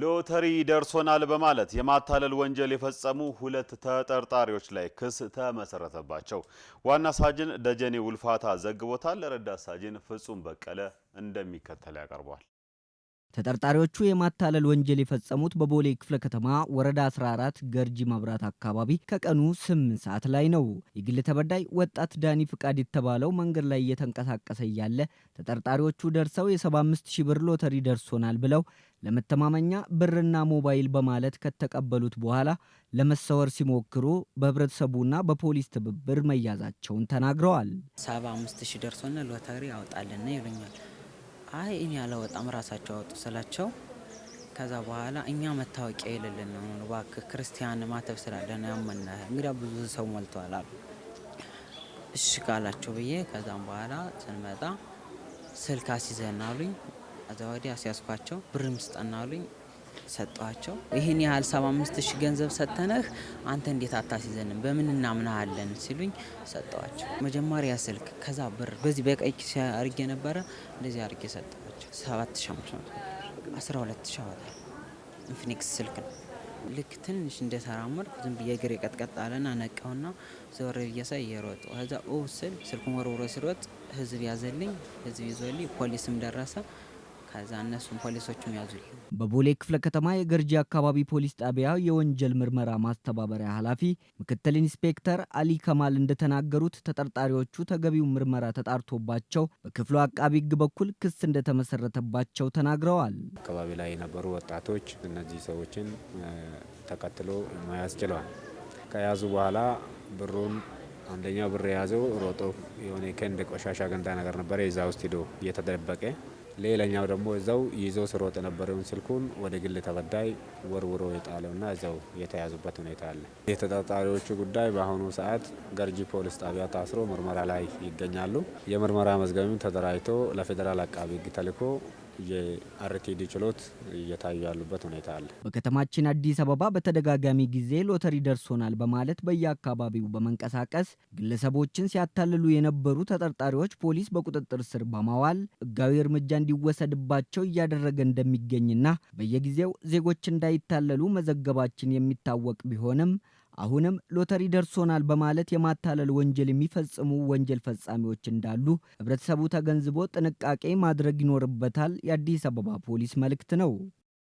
ሎተሪ ደርሶናል በማለት የማታለል ወንጀል የፈጸሙ ሁለት ተጠርጣሪዎች ላይ ክስ ተመሰረተባቸው። ዋና ሳጅን ደጀኔ ውልፋታ ዘግቦታል። ረዳት ሳጅን ፍጹም በቀለ እንደሚከተል ያቀርቧል። ተጠርጣሪዎቹ የማታለል ወንጀል የፈጸሙት በቦሌ ክፍለ ከተማ ወረዳ 14 ገርጂ መብራት አካባቢ ከቀኑ 8 ሰዓት ላይ ነው። የግል ተበዳይ ወጣት ዳኒ ፍቃድ የተባለው መንገድ ላይ እየተንቀሳቀሰ እያለ ተጠርጣሪዎቹ ደርሰው የ75 ሺህ ብር ሎተሪ ደርሶናል ብለው ለመተማመኛ ብርና ሞባይል በማለት ከተቀበሉት በኋላ ለመሰወር ሲሞክሩ በህብረተሰቡና በፖሊስ ትብብር መያዛቸውን ተናግረዋል። 75 ሺህ ደርሶና ሎተሪ አውጣልና ይሉኛል አይ እኔ አላወጣም ራሳቸው አወጡ ስላቸው ከዛ በኋላ እኛ መታወቂያ የሌለን ነው እባክህ ክርስቲያን ማተብ ስላለን ያመና እንግዲያ ብዙ ሰው ሞልተዋል አሉ። እሺ ካላቸው ብዬ ከዛም በኋላ ስንመጣ ስልክ አስይዘን አሉኝ። ከዛ ወዲያ አስያዝኳቸው ብርም ስጠና አሉኝ። ሰጧቸው። ይህን ያህል 75 ሺህ ገንዘብ ሰጥተነህ አንተ እንዴት አታስይዘንም በምን እናምናሃለን ሲሉኝ ሰጠኋቸው። መጀመሪያ ስልክ፣ ከዛ ብር በዚህ በቀይ ኪስ አድርጌ ነበረ እንደዚህ አድርጌ ሰጠኋቸው። 7 ሺህ ኢንፊኒክስ ስልክ ነው። ልክ ትንሽ እንደተራመድኩ ዝም ብዬ እግር ቀጥቀጥ አለና ነቀውና ዘወር ብያሳይ እየሮጡ ከዛ ኦ ስል ስልኩን ወርውሮ ሲሮጥ ህዝብ ያዘልኝ፣ ህዝብ ይዞልኝ፣ ፖሊስም ደረሰ። ከዛ እነሱም ፖሊሶቹም ያዙ። በቦሌ ክፍለ ከተማ የገርጂ አካባቢ ፖሊስ ጣቢያ የወንጀል ምርመራ ማስተባበሪያ ኃላፊ ምክትል ኢንስፔክተር አሊ ከማል እንደተናገሩት ተጠርጣሪዎቹ ተገቢው ምርመራ ተጣርቶባቸው በክፍሉ አቃቢ ሕግ በኩል ክስ እንደተመሰረተባቸው ተናግረዋል። አካባቢ ላይ የነበሩ ወጣቶች እነዚህ ሰዎችን ተከትሎ መያዝ ችለዋል። ከያዙ በኋላ ብሩን አንደኛው ብር የያዘው ሮጦ የሆነ ከንድ ቆሻሻ ገንዳ ነገር ነበረ የዛ ውስጥ ሂዶ እየተደበቀ ሌላኛው ደግሞ እዛው ይዞ ስሮጥ የነበረውን ስልኩን ወደ ግል ተበዳይ ወርውሮ የጣለውና እዛው የተያዙበት ሁኔታ አለ። የተጠርጣሪዎቹ ጉዳይ በአሁኑ ሰዓት ገርጂ ፖሊስ ጣቢያ ታስሮ ምርመራ ላይ ይገኛሉ። የምርመራ መዝገቢም ተደራጅቶ ለፌዴራል አቃቢ ሕግ ተልኮ የአርቴዲ ችሎት እየታዩ ያሉበት ሁኔታ አለ። በከተማችን አዲስ አበባ በተደጋጋሚ ጊዜ ሎተሪ ደርሶናል በማለት በየአካባቢው በመንቀሳቀስ ግለሰቦችን ሲያታልሉ የነበሩ ተጠርጣሪዎች ፖሊስ በቁጥጥር ስር በማዋል ሕጋዊ እርምጃ እንዲወሰድባቸው እያደረገ እንደሚገኝና በየጊዜው ዜጎች እንዳይታለሉ መዘገባችን የሚታወቅ ቢሆንም አሁንም ሎተሪ ደርሶናል በማለት የማታለል ወንጀል የሚፈጽሙ ወንጀል ፈጻሚዎች እንዳሉ ህብረተሰቡ ተገንዝቦ ጥንቃቄ ማድረግ ይኖርበታል። የአዲስ አበባ ፖሊስ መልእክት ነው።